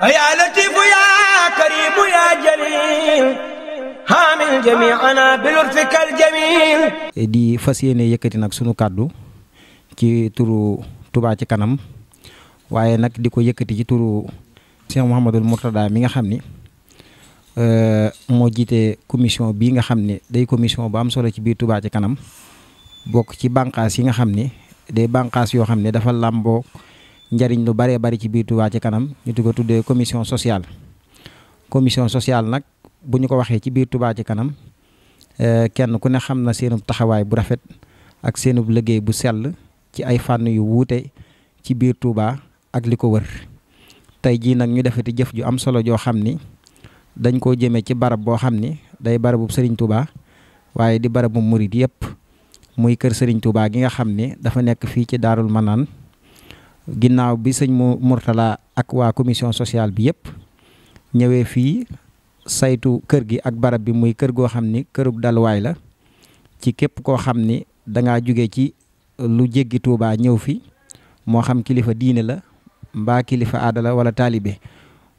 yaa latiifu yaa kariimu yaa jaliil haamil jamii'anaa bi lutfikal jamiil di fas yéene yëkkati nag sunu kàddu ci turu tubaa ci kanam waaye nag di ko yëkkati ci turu Cheikh Mouhamadul Mourtada mi nga xam ni eh, moo jiitee commission bii nga xam ni day commission bu am solo ci biir tubaa ci kanam bokk ci bànqaas yi nga xam ni day banqaas yoo xam ne dafa làmboo njariñ lu baree bari ci biir Touba ci kanam ñu di ko tuddee commission sociale commission sociale nag bu ñu ko waxee ci biir Touba ci kanam eh, kenn ku ne xam na seenub taxawaay bu rafet ak seenub liggéey bu sell ci ay fànn yu wuute ci biir Touba ak li ko wër tey jii nag ñu defee defati jëf ju am solo joo xam ni dañ koo jëmee ci barab boo xam ni day barabu sëriñ Touba waaye di barabu murit yëpp muy kër sëriñ Touba gi nga xam ni dafa nekk fii ci Daarul Manaan ginnaaw bi sëñ mu Mourtala ak waa commission sociale bi yëpp ñëwee fii saytu kër gi ak barab bi muy kër goo xam ni kërub dalwaay la ci képp koo xam ni dangaa jóge ci lu jéggi Tuubaa ñëw fi moo xam kilifa diine la mbaa kilifa aadala la wala taalibe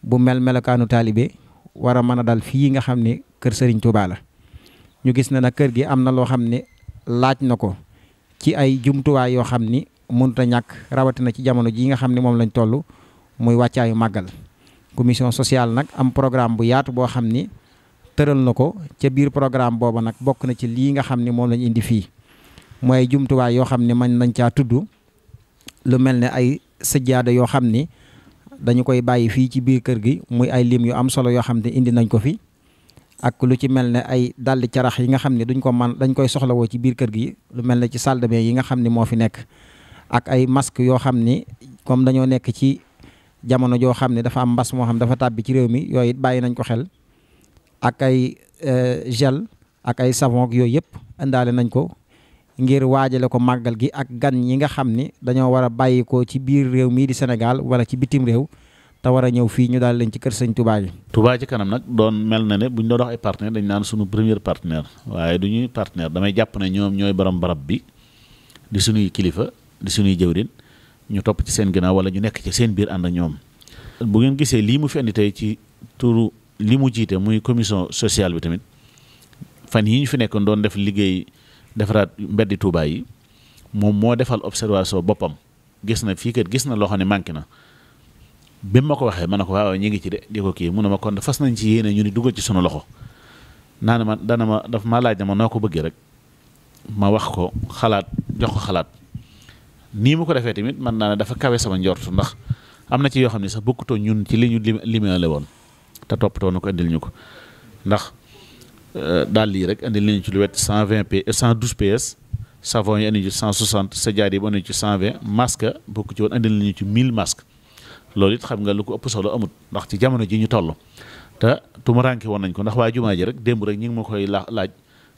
bu mel melokaanu taalibe war a mën a dal fii nga xam ni kër sëriñ Tuubaa la ñu gis ne nag kër gi am na loo xam ne laaj na ko ci ay jumtuwaay yoo xam ni mënut a ñàkk rawatina ci jamono jii nga xam ne moom lañu toll muy wàccaayu màggal commission sociale nag am programme bu yaatu boo xam ni tëral na ko ca biir programme booba nag bokk na ci lii nga xam ni moom lañ indi fii mooy jumtuwaay yoo xam ne man nañ caa tudd lu mel ni ay sëjjaada yoo xam ni dañu koy bàyyi fii ci biir kër gi muy ay lim yu am solo yoo xam ne indi nañ ko fi ak lu ci mel ne ay daldi carax yi nga xam ne duñ ko man dañ koy soxlawoo ci biir kër gi lu mel ne ci salle yi nga xam ne moo fi nekk ak ay masque yoo xam ni comme dañoo nekk ci jamono joo xam ne dafa am mbas moo xam dafa tàbbi ci réew mi yooyu bàyyi nañ ko xel ak ay euh, gel ak ay savon yooyu yëpp indaale nañ ko ngir waajale ko màggal gi ak gan ñi nga xam ni dañoo war a bàyyi ko ci biir réew mii di Sénégal wala ci bitim réew te war a ñëw fii ñu daal leen ci kër sëñ Touba gi. Touba ci kanam nag doon mel na ne bu ñu doon wax ay partenaire dañ naan suñu première partenaire waaye du ñuy partenaire damay jàpp ne ñoom ñooy borom barab bi di suñuy kilifa. di suñuy jëwrin ñu topp ci seen ginaaw wala ñu nekk ci seen biir ànd ak ñoom bu ngeen gisee lii mu fi andi ci turu lii mu jiite muy commission sociale bi tamit fan yi ñu fi nekkoon doon def liggéey defaraat mbeddi Touba yi moom moo defal observation boppam gis na fii kat gis na loo xam ne manqué na bi ma ko waxee ma ne ko waaw ñu ngi ci de di ko kii mu ne ma kon fas nañ ci yéene ñu ni dugal ci sunu loxo naa ne ma dana ma daf ma laaj na ma noo ko bëggee rek ma wax ko xalaat jox xalaat nii mu ko defee tamit mën naa ne dafa kawe sama njort ndax am na ci yoo xam ne sax bokkutoo ñun ci li ñu limaale woon te toppatoo na ko indil ñu ko ndax euh, daal lii rek indil nañu ci lu wet cent vingt p euh, cent douze ps savon yi indi ci cent soixante sajjaad yi bu indi ci cent vingt masque bokk ci woon indil nañu ci mille masques loolu it xam nga lu ko ëpp solo amut ndax ci jamono ji ñu toll te tumuraanke woon nañ ko ndax waa jumaa ji rek démb rek ñi ngi ma koy laaj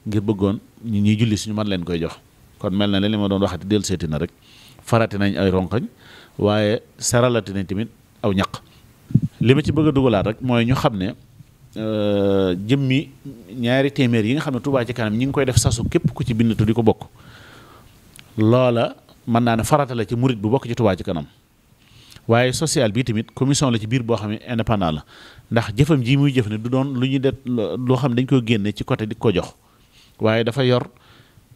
ngir bëggoon ñi ñuy julli suñu man leen koy jox kon mel na ne li ma doon waxati dellu seeti na rek farati nañ ay ronkañ waaye saralati nañ tamit aw ñaq li ma ci bëgg a dugalaat rek mooy ñu xam ne euh, jëmmi ñaari téeméer yi nga xam ne Touba ci kanam ñi ngi koy def sasu képp ku ci bind tu di ko bokk loola mën naa ne farata ci murit bu bokk ci Touba ci kanam waaye social bi tamit commission la ci biir boo xam ne indépendant la ndax jëfam ji muy jëf ne du doon lu ñuy det loo xam dañ koy génne ci côté di ko jox waaye dafa yor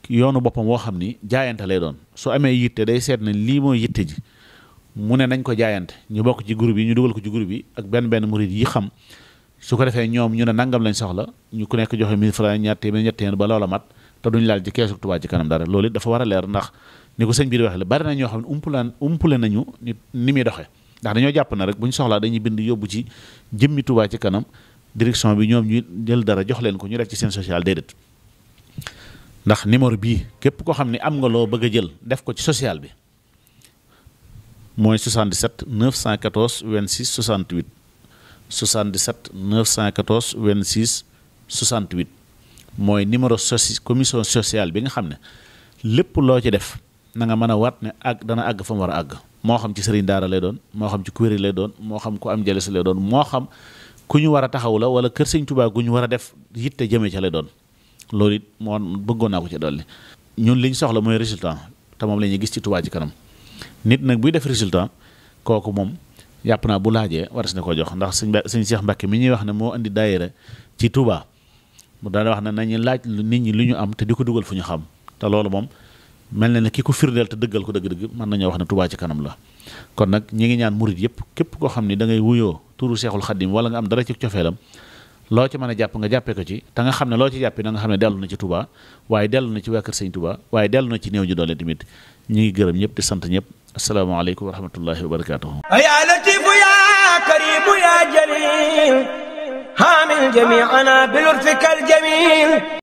yoonu boppam woo xam ni jaayante lay doon su amee yitte day seet ne lii mooy yitte ji mu ne nañ ko jaayante ñu bokk ci groupe yi ñu dugal ko ci groupe yi ak benn benn murid yi xam su ko defee ñoom ñu ne nangam lañ soxla ñu ku nekk joxe 1000 francs ñaar téeméer ñetti téeméer loola mat te duñ laal ci ci kanam dara loolu it war a leer ndax ni ko sëñ biir waxee la bari na ñoo xam ne umpulaan umpule nañu ni ni muy doxee ndax dañoo jàpp na rek bu ñu soxlaa dañuy bind yóbbu ci jëmmi ci kanam direction bi ñoom ñu jël dara jox leen ko ñu def ci seen social déedéet ndax numéro bii képp koo xam ne am nga loo bëgg a jël def ko ci sociale bi mooy 77 914 26 68 77 914 26 68 mooy numéro soci commission sociale bi nga xam ne lépp loo ci def na nga mën a wat ne àgg dana àgg fa mu war a àgg moo xam ci sëriñ daara lay doon moo xam ci kuréel lay doon moo xam ku am jële si lay doon moo xam ku ñu war a taxaw la wala kër sëñ Tuubaa gu ñu war a def yitte jëme ca lay doon loolu it moo bëggoon naa ko ci dolli ñun li ñu soxla mooy résultant te moom la ñuy gis ci Touba ci kanam nit nag buy def résultat kooku moom yàpp naa bu laajee war waras na ko jox ndax suñ sëñ Cheikh Mbacke mi ñuy wax ne moo indi daayira ci Touba mu daal wax ne nañu laaj nit ñi lu ñu am te di ko dugal fu ñu xam te loolu moom mel na ne ki ko firndeel te dëggal ko dëgg-dëgg mën nañoo wax ne Touba ci kanam la kon nag ñi ngi ñaan murit yëpp képp koo xam ni da ngay wuyoo turu Seexul Xaddim wala nga am dara ci cofeelam loo ci mën a jàpp nga jàppee ko ci te nga xam ne loo ci jàppee na nga xam ne dellu na ci Touba waaye dellu na ci waa kër sëñ Touba waaye dellu na ci néew ñu doole tamit ñu ngi gërëm ñëpp di sant ñëpp asalaamaaleykum wa rahmatullahi wa barakaatuhu yaa latifu yaa karimu yaa jalil haamil jamiana bilurfikal jamil